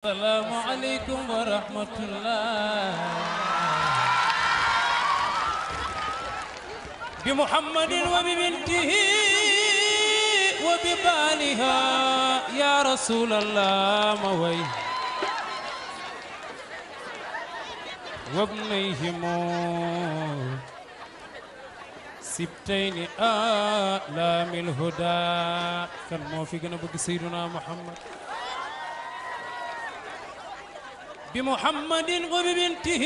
salaamaaleykum wa rahmatullah bi muhammadin wa bi bintihi wa bi baaliha ya rasulallah ma way wabnayhimu sibtayni alaamil huda kan moo fi gën a bëgg sayduna muhammad بمحمد وببنته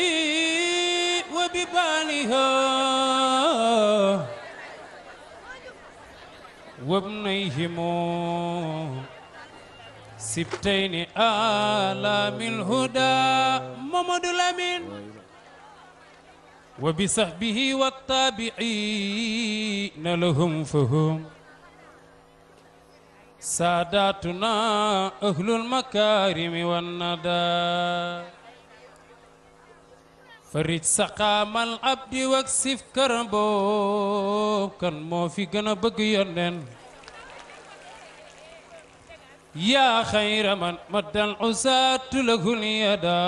وببانها وابنيهم سبتين آلام الهدى محمد الأمين وبصحبه والتابعين لهم فهم ساداتنا أهل المكارم والندى فرج سقام العبد واكسف كربو كان مو في غنا بغ يونن يا خير من مد العساة له اليدا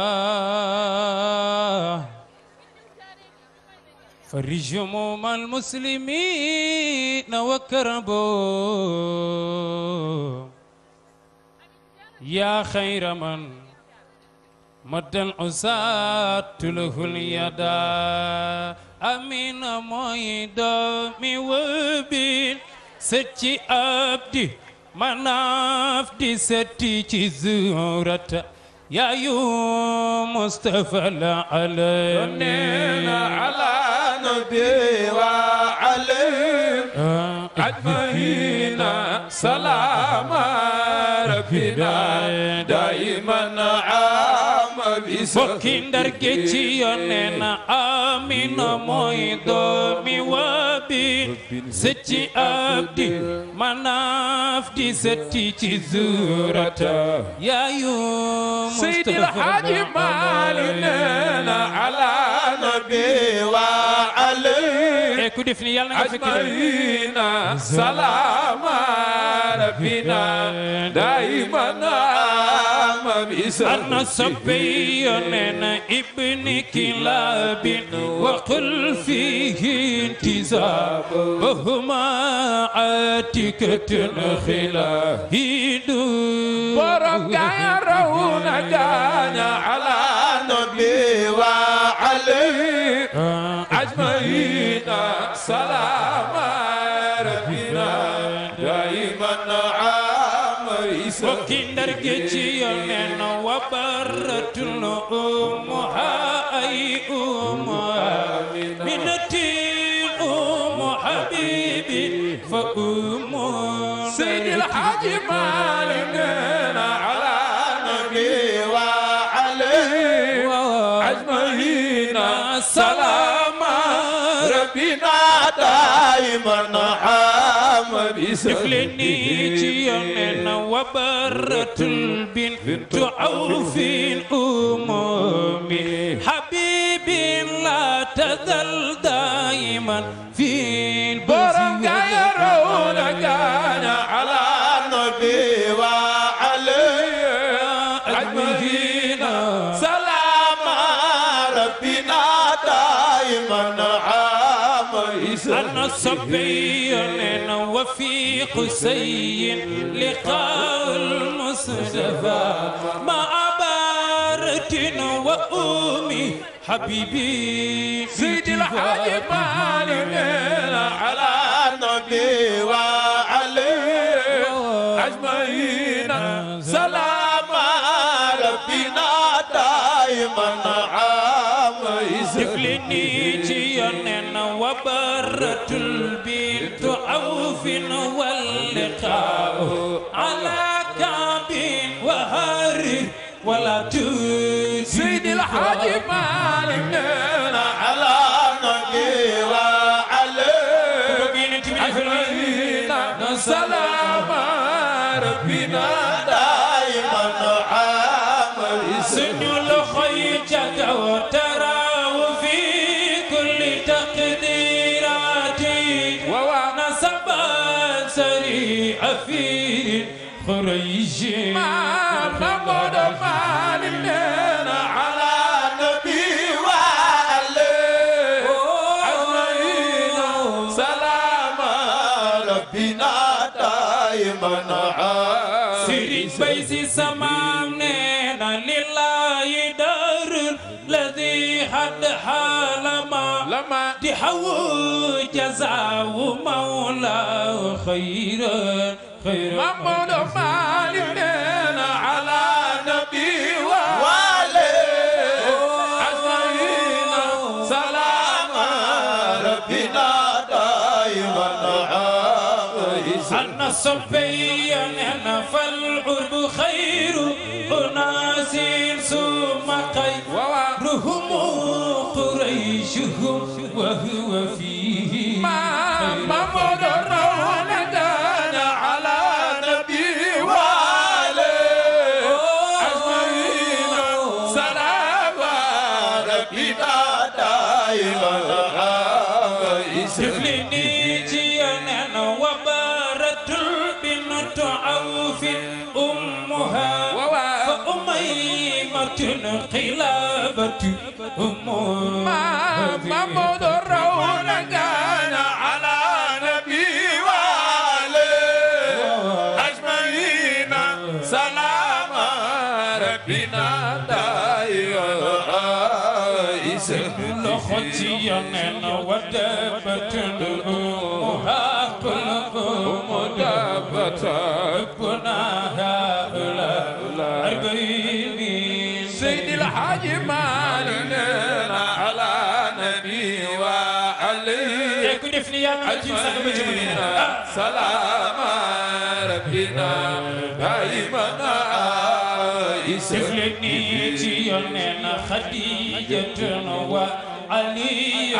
فرج هموم المسلمين وكربوا يا خير من مد العساة له اليدا أمين موي دومي وبين ستي أبدي مناف دي ستي تزورتا يا يوم مصطفى لا علينا على bi wa alayhim ajmahiina salaama rabbina bokki ndar géej ci yoneen amina mooy doomi wabi sëcci abdi manaaf di sëtti ci zurata yaayu Seydil Haaji Maali neena ala nabi wa alay ku def na nga fekk ajmaina salaama rabbina daimana أنا صبي أنا ابن كلاب وقل فيه انتزاب وهما عاتكة خلاهيد ورقا يرون كان على نبي وعلي أجمعين سلام ربنا دائما عام وكندر كتير أمها أي أمها منتي أم حبيبي فأم سيد الحاج مالك على نبي وعليه أجمعين سلام ربنا دائما يفلني تيامنا وبرة البنت عوف أمومي حبيبي لا تزل دائما في البركة يرون كان على النبي وعلي أجمعين سلام ربنا دائما عام أنا صبي رفيق سيء لقاء المصطفى مع بارة وأمي حبيبي زيد الحاج مالي على النبي وعلي أجمعين سلام ربنا دائما عام يزفلني جيانا وبرة البيت واللقاء على كعب وهر ولا تزيد الحاجب قريشي ما محمد مالنا على نبي وآله عزرائيل سلام ربنا دائما سيري بيسي سمام نينا لله دار الذي حد حالم مدحه جزاء مولاه خير خير محمود مالك على نبي وآله أجمعين سلام ربنا دائما أن صفيا فالعرب خير أناس ثم خيرهم قريشهم وهو فيه ما محمد روندان على نبي والي أجمعين سلام ربنا دائما سفلني جيانا وبارة بنت عوف انقلابة أمور ما مضرون كان على نبي وآله أجمعين سلام ربنا دائس لخطي من ودبت الأمها قلب مدبت كنا هؤلاء إيماننا على نبي وعلي أجمعين سلام ربنا دائمنا سفلني جيوننا خديجة وعلي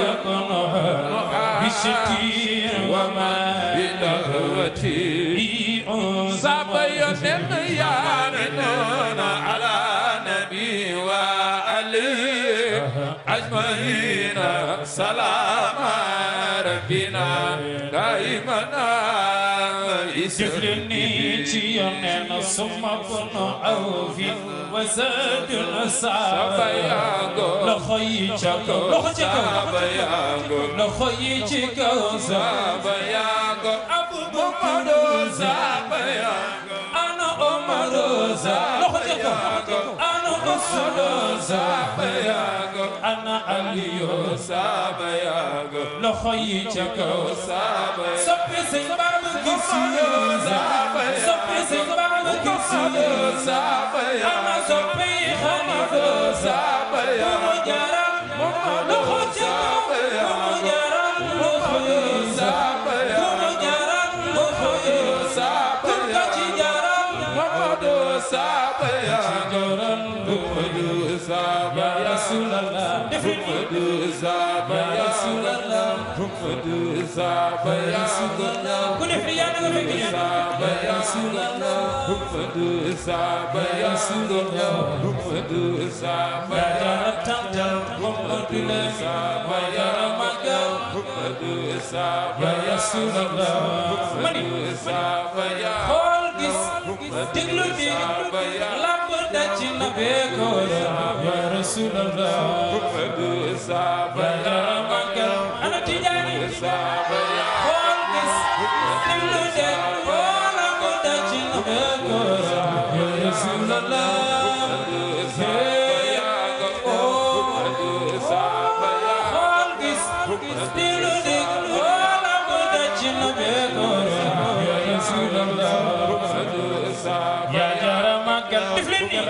وكنها بستير وما بلغوتي أنزل يا سلام ربنا دائما يسلمني تيونين ثم بن عوف وزاد الأصحاب لخيجك لخيجك لخيجك أبو بكر أنا عمر لخيجك solo saaba yaago ana aliyo saaba yaago loxo yi ca kaw saaba yaago soppi sëñ baabu gis yoo saaba yaago soppi sëñ baabu gis yoo saaba yaago ana soppi xalifa saaba yaago mu jaram loxo الله محمد زاب يا رسول الله محمد زاب يا رسول الله كن حيانا زاب يا رسول الله محمد زاب يا رسول الله محمد زاب يا تمتم محمد زاب يا رمضان محمد زاب يا رسول الله محمد زاب يا خالد دغلو دي دجنا بيكو يا رسول الله محمد صاحب درمك انا تجاني صاحب يا خالص نمنا دج ولا دجنا بيكو يا رسول الله يا محمد صاحب يا خالص نمنا دج ولا دجنا بيكو يا رسول الله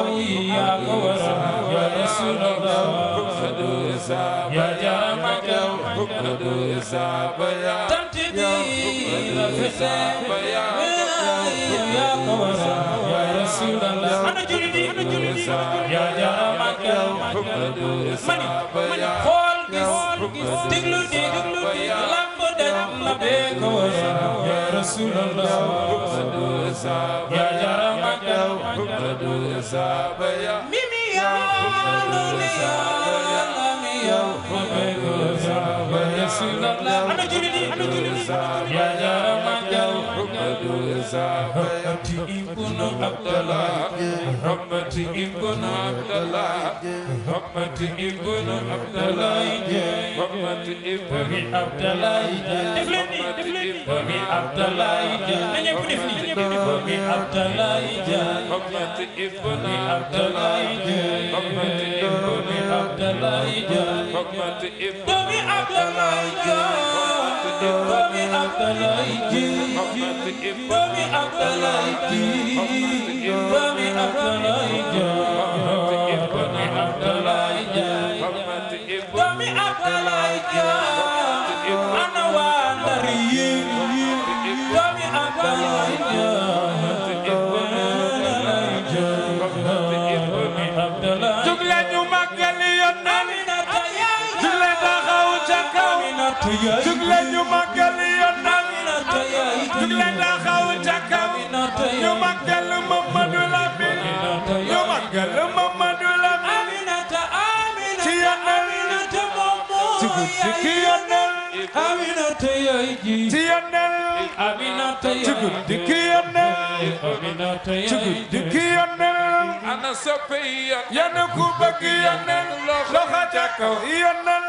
وياك ورا يا رسول الله مدوسا يا جامك مدوسا بيا تمتدي لفتاك يا قورا يا رسول الله انا جلدي انا جلدي يا جامك مدوسا بيا خول جس دغلو دغلو لامبو دنا بيكو يا رسول الله مدوسا يا زابيا ميميا ميميا حمد زابيا سنة أنا جلدي أنا جلدي يا رمضان حمد زابيا إبن عبد الله رحمة إبن عبد الله رحمة إبن عبد الله رحمة إبن عبد الله Bobi Abdoulaye Dia Bobi Kill your name. aminata yaay ji ci yonel aminata yaay ji ci guddi ki yonel aminata yaay ji ci guddi ki yonel ana soppe yonel yana ku bëgg yonel loxo ca kaw yonel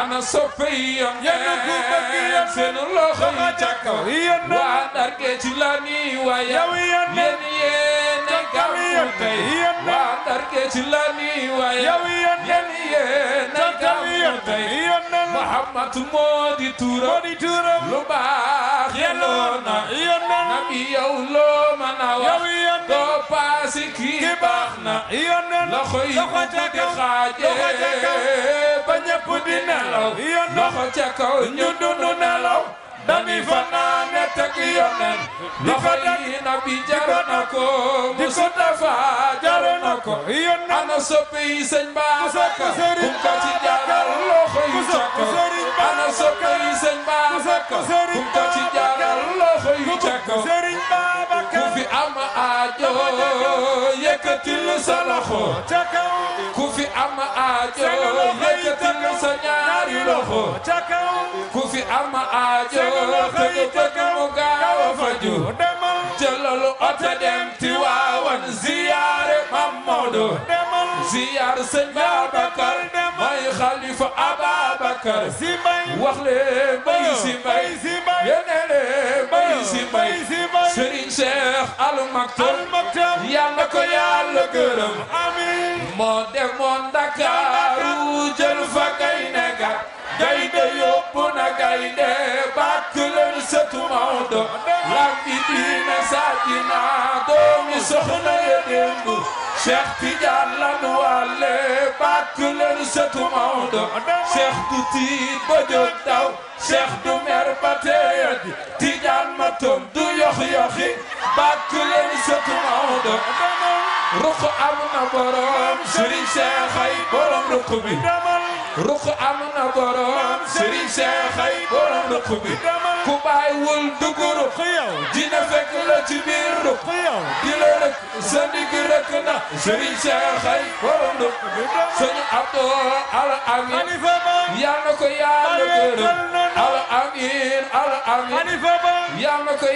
ana soppe yonel yana ku bëgg yonel seen loxo ca kaw yonel waa darke ci lani waa yow yonel yéen yéen gàmmu tey waa darke ci lani waa yow yonel Muhammad moo di turam lu baax yelloo na nabi yow loo mën a wax doo paasi kii baax na loxo yi mu di xaajee ba ñëpp nelaw loxo ca kaw ñu dund nelaw dani fanaane teg yonen loxo yi nabi jar na ko Mustafa jar na ko ana soppi sëriñ ba jaaral loxo yu càkk ana soppe yi sëñ Babacar kum ko ci jaaral loxo yu càkk ku fi am aajo yëkkatil sa loxo ku fi am aajo yëkkatil sa ñaari loxo ku fi am aajo te nga bëgg mu gaaw a faju jëlalu oto dem ziyaar sëñ Babacar may xalifa Ababacar si wax leen bay si mbay yéene leen bay si mbay Serigne Cheikh Al Maktoum yal na ko yàlla gërëm amiin moo demoon Ndakaaru jël fa gaynde ga gaynde yóbbu na gaynde bàkk leen sëtu Maodo lam bi diina saati naa doomi soxna ya démb Cheikh Tidiane lan wàlle bàkk leen sëtu Maodo Cheikh du tiit ba jóg daw Cheikh du mer ba teeyadi Tidiane ma tom du yox-yoxi bàkk leen sëtu Maodo ruq am na borom Serigne am na borom Serigne Cheikh ay borom ruq bi ku bàyyiwul duguru dina fekk la ci biir ru xëyaw di la sa ndigg na sëriñ Cheikh ay borom du sëñ al amin yal na ko yàlla al amin al amin yal na ko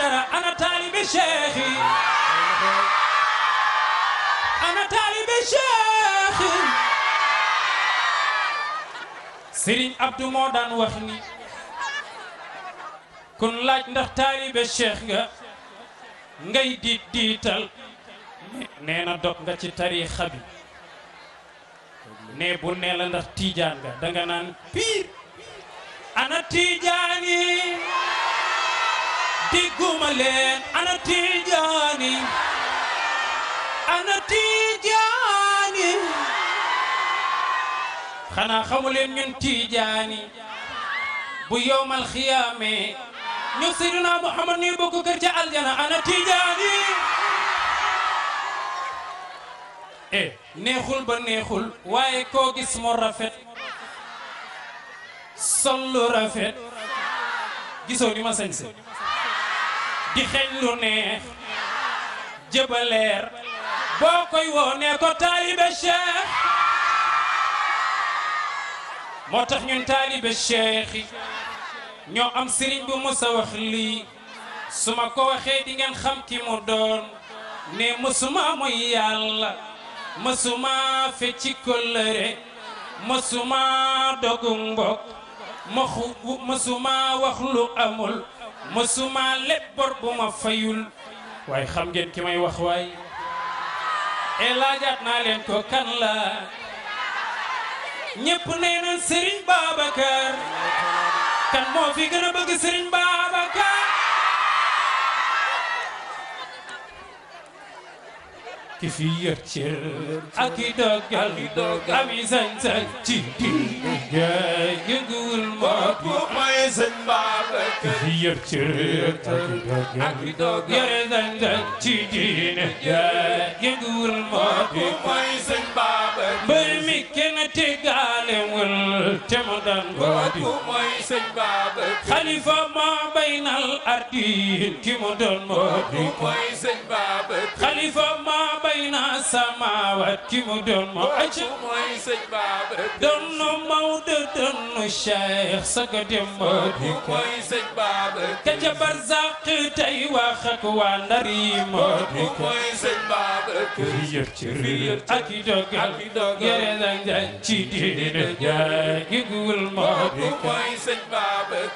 dara ana taalibi Cheikh ana taalibe Cheikh Serigne Abdou moo daan wax ni kon laaj ndax taalibe Cheikh nga ngay diit diital nee na dog nga ci tariixa bi ne bu nee la ndax tiijaan nga danga naan piir ana tiijaani digguma leen ana tiijaani ana xanaa xamuleen ñun tiijaani bu yowmal xiyaame ñu Seydina Muhammad ñuy bokk kër ca aljana ana tiijaani eh neexul ba neexul waaye koo gis mu rafet sol rafet gisoo ni ma sañse di xeeñ lu neex jëbaleer boo koy woo nee ko taalibe cheikh moo tax ñun taalibe cheikh yi ñoo am sëriñ bu musa wax lii su ma ko waxee di ngeen xam ki mu doon ne mësuma mooy yàlla mësuma fecci kóllëre mësuma dogu mbokk mësuma wax lu amul mësuma leb bor bu ma fayul waaye xam ngeen ki may wax waay e laajaat naa leen ko kan la ñépp nee na Serigne kan moo fi gën a bëgg Serigne Babacar ki fi yor cër ak i dogal am i sañ-sañ ci di yëguwul moo mooy sëñ Ba yëpp cërët ak dog yore nañ la ci diine yaa yëgul moo di mooy sëñ baaba mbër mi kenn tegaale wul te mu daan goodi mooy sëñ baaba xalifa moo baynal ardin ki mu doon moo di mooy sëñ baaba xalifa moo bayna samawat ki mu doon moo aca mooy sëñ baaba doon nu Mawdo doon nu Cheikh saga dem moo di mooy sëñ te ca barzaq tey wax ak waa ndar yi moo i dogal yore la njaay ci diine jaay gi gul moo di ko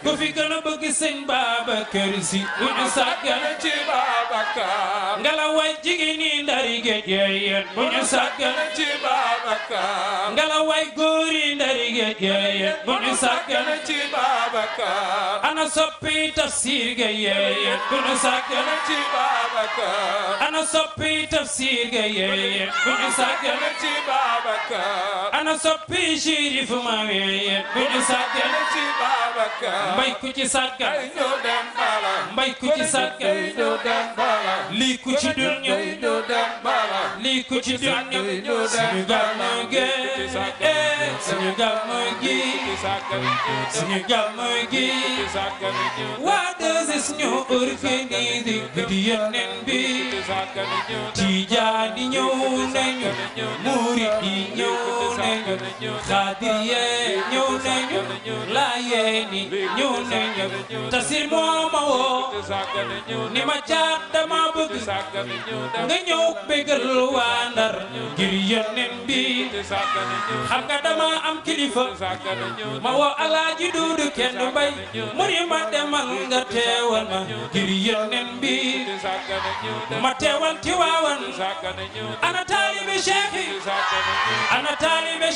ku fi gën a soppi tafsir gaye yet bu nu sàggane ci Babacar ana soppi tafsir gaye yet bu ci Babacar ana soppi Chérif Mawe yet ku ci sàggan ñoo dem bala mbay lii ku ci dul ñëw gi ku ci sàkk suñu gàmmu gi suñu gàmmu gi suñu gàmmu gi waa dësis ñu organisé guddi yeneen bi tiijaan yi ñëw nañu murit yi ñëw nañu xaadiriye ñëw nañu laayeen yi ñëw nañu tasir moo ma woo ni ma caat dama bëgg nga ñëw bégal waa ndar ngir yónneen bi dama am kilifa ma woo alaaji duudu kenn mbay mu ni ma demal nga teewal ma ngir yónneen bi ma teewal tiwaawan ana taalibe Cheikh ana taalibe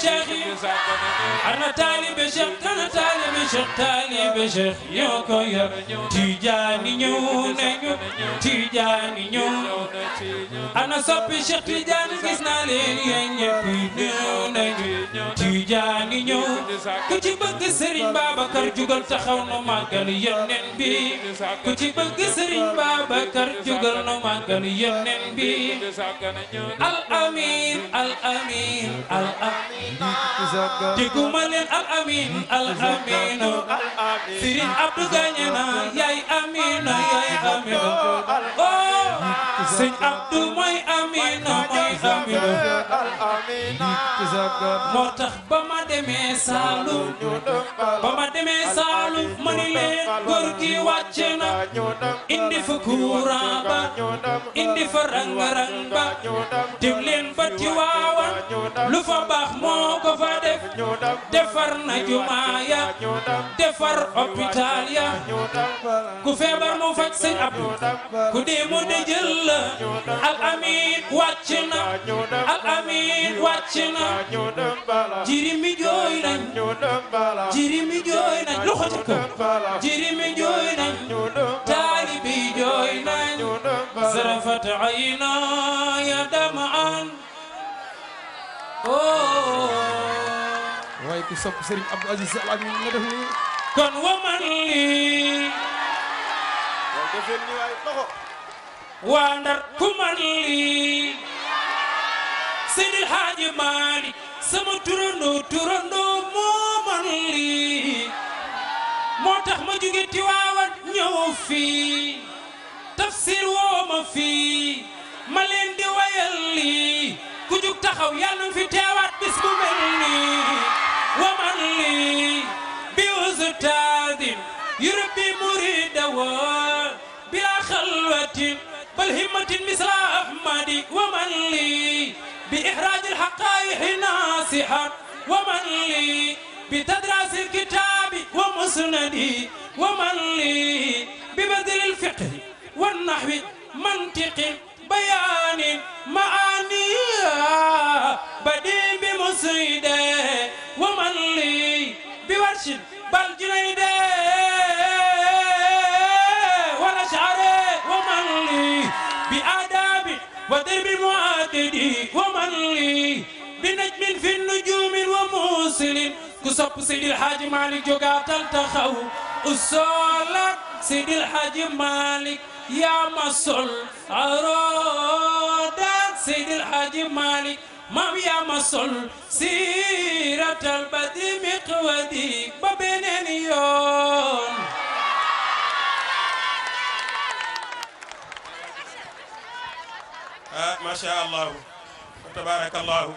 ana taalibe Cheikh ana taalibe Cheikh taalibe Cheikh yoo ko yor Tijaani ñëw nañu Tijaani ñëw ana soppi Cheikh Tijaani gis naa leen yéen ñëpp ñëw nañu Tijaani ñëw ku ci bëgg Serigne Babacar bëgg Serigne Babacar jugal na màggal yónneen bi al الأمين الأمين الأمين ديكوما لين الأمين الأمين سيرين عبد غنينا يا أمين يا أمين sëñ Abdou mooy Amina mooy Amina moo tax ba ma demee Saalum ma ni leen góor gi wàcce na indi fa courant ba indi fa rang-rang ba dem ba Tiwaawan lu fa baax moo ko fa def defar na jumaa ya defar hôpital ya ku feebar mu faj sëñ Abdou ku dee mu de jël al amin wàcc na jirimi jooy nañ jirimi jirimi jooy nañ taalibi jooy nañ zarafat ayna ya dama an waaye ku sopp Serigne Abdou Aziz Sy Al Amine nga def kon waman lii waa ndar ku lii Seydil Haaji sama turandoo turandoo moo lii moo tax ma jóge Tiwaawan ñëw fii tafsir woo ma fii ma leen di wayal lii ku jug taxaw yàlla fi teewaat bis bu mel nii lii bi همة مثل أحمد ومن لي بإحراج الحقائق ناصحا ومن لي بتدرس الكتاب ومسندي ومن لي ببذل الفقه والنحو منطق بيان معاني بديل بمسيده ومن لي بورش بل جنيده ومن لي بنجم في النجوم وموصل كسب سيد الحاج مالك جوغاتل تخو أصولك سيد الحاج مالك يا مصل عرودك سيد الحاج مالك مام يا مصل سيرة البدر مقودي ببنين يوم آه ما شاء الله tabaarakallahu